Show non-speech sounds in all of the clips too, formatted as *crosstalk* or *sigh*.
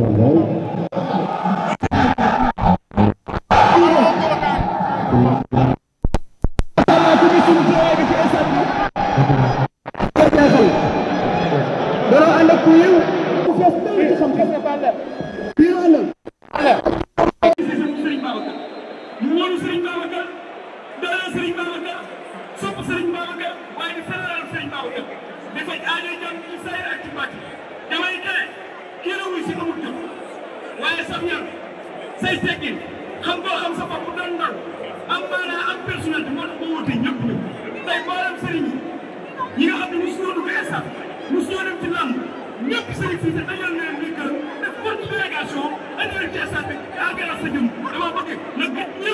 Hello. teggin xam xam sa bopp doon ndaw am maanaa am personnalité moo tax ba wóote ñëpp ni tey mboolem sëriñ yi nga xam ne mosu ñoo dugg instant mosu ñoo dem ci làmb ñëpp sëriñ si dañoo leen ni que def forte délégation indi leen ci instant bi daa gën a sa jëm dama bëgg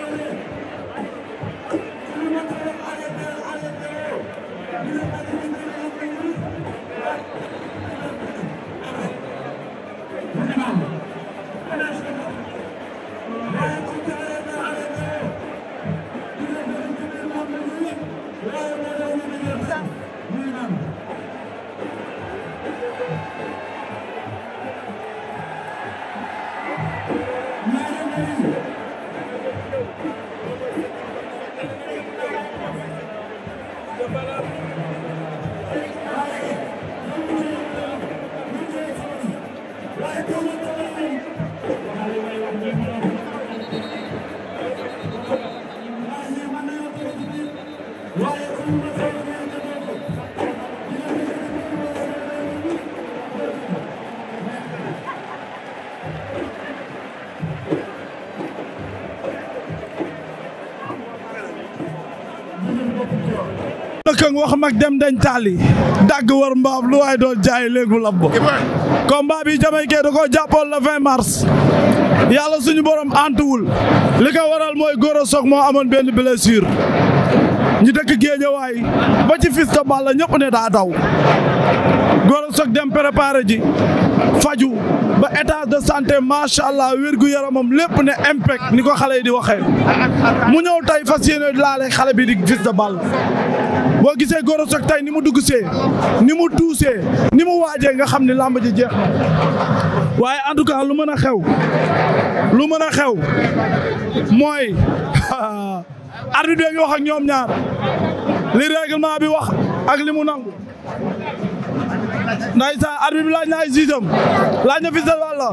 Thank you. këng wax mag dem dañ taali dagg war mbaab lu waay doon jaay léegu lamb combat bi jamaykee da koo jàppoon la 20 mars yàlla suñu borom antuwul li ko waral mooy góor a moo amoon benn blessure ñu dëkk géejawaay ba ci fils de Balla ñëpp ne daa daw góor dem préparé ji faju ba état de santé macha allah wérgu yaramam lépp ne impact ni ko xale yi di waxee mu ñëw tey fas yéene laale xale bi di Fils de Balla boo gisee goro Sock tay ni mu dugg see ni mu tuusee ni mu waajee nga xam ne làmb ji jeex na waaye en tout lu mën a xew lu mën a xew mooy *laughs* arbitre bi ngi wax ak ñoom ñaar li règlement bi wax ak li mu nangu ndeysaan arbitre bi laaj na ay siisam laaj na fi Fils de Balla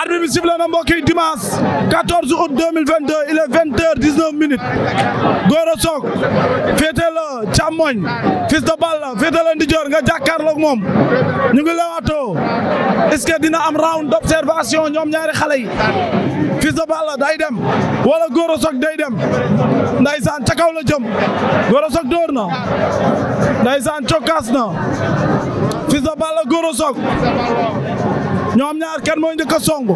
arbitre bi sifflé na mbokk yi dimanche 14 août 2022 il est 20 heures 19 minutes Gora Sock féete la càmmoñ Fils de Balla féete la ndijoor nga jàkkaarloog moom ñu ngi lewaatoo est-ce que dina am round d'observation ñoom ñaari xale yi Fils de Balla day dem wala Gora Sock day dem ndaysaan ca kaw la jëm Gora Sock door na ndaysaan cokkaas na Fils de Balla Gora Sock ñoom ñaar kenn mooy njëkk a song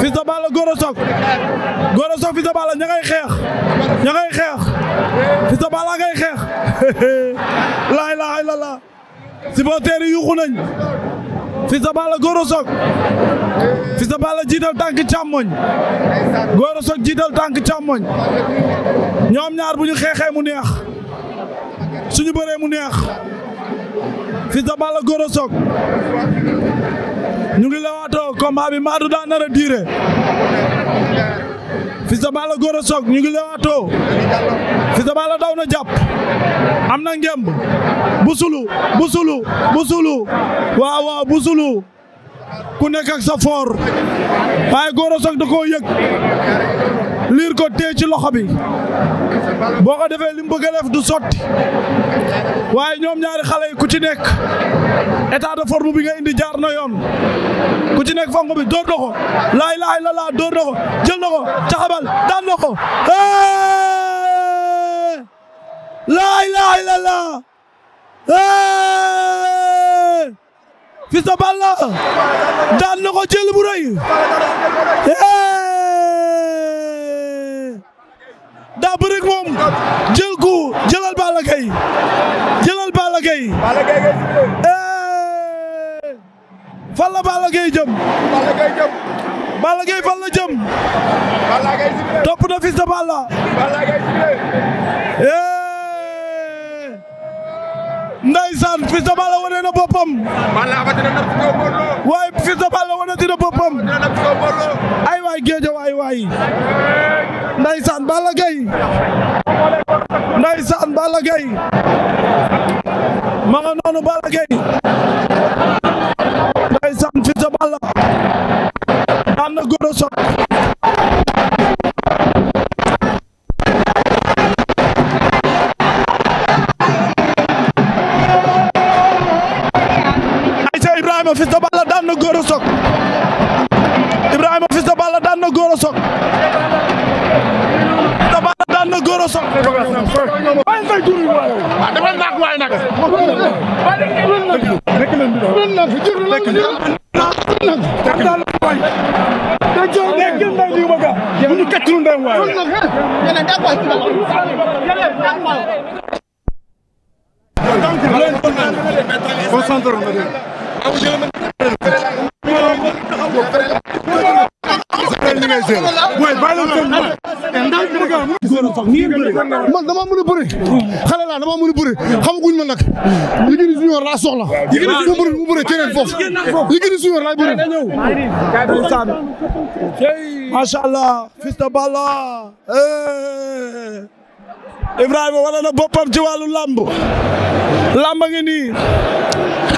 Fils de Balla Gora Sock Gora Sock Fils de Balla ña ngay xeex ña xeex Fils de Balla ngay xeex *laughs* laa ilaaha illallaah supporters yi yuuxu nañ Fils de Balla Gora Sock Fils de Balla jiital tànk càmmoñ Gora Sock jiital tànk càmmoñ ñoom ñaar bu ñu xeexee mu neex suñu bëree mu neex Fils de Balla Gora Sock ñu ngi lewaatoo combat bi maadu daa nar diire Fils de Balla Gora soog ñu ngi lewaatoo Fils de Balla daw na jàpp am na ngemb busulu busulu busulu waaw waaw busulu ku nekk ak sa foor waaye Gora Sock da koo yëg liir ko téye ci loxo bi boo ko defee li mu du sotti waaye ñoom ñaari xale yi ku ci nekk état de bi nga indi jaar na yoon ku ci nekk fango bi door na ko laay laay la door na ko jël na ko caxabal daan na ko laay laay la laa Fils de Balla daan na ko jël bu rëy daa bëri ak moom jël ku jëlal Balla Gaye jëlal Balla Gaye eh, fan la Balla Gaye jëm Balla Gaye fan la jëm topp na fils de Balla eh, Ndeysaan fils de Balla wane na boppam waaye fils de Balla wane na boppam ay waay géej waay waay ndeysaan Balla Gaye ndeysaan Balla Gaye ma nga noonu Balla Gaye ndeysaan Fils de Balla daan na Gora Sock ayca Ibrahima Fils de Balla daan na Gora Sock na Gora Sock. waaye nag jur yi waaye. Ah, waaw dafa naag waaye nag. dëkk la dëkk la dëkk la dëkk la dëkk la dëkk te joo dee gën ndaw di ma ga bu ñu kàccul ndaw waay concentré na ñu ngay seet booy bàyyi leen seen man dama mën a bëri xale laa dama mën a bëri xamaguñ ma nag Yékini Junior laa soxla mu bëri mu bëri keneen foofu Yékini Junior laay bëri masha Allah Fils de Balla eh. Ibrahima wane na boppam ci wàllu làmb làmb ngi nii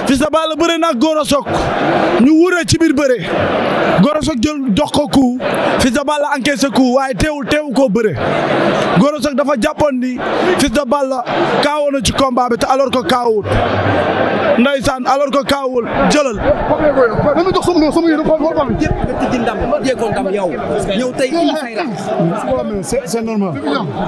Fils de Balla bëre na ak Gora ñu wuree ci biir bëre Gora jël jox ko coup Fils de Balla encaissé coup waaye teewul teewu koo bëre Gora Sock dafa jàppoon ni Fils de Balla kaawoo ci combat bi te alors que kaawul ndeysaan alors que kaawul jëlal. c'est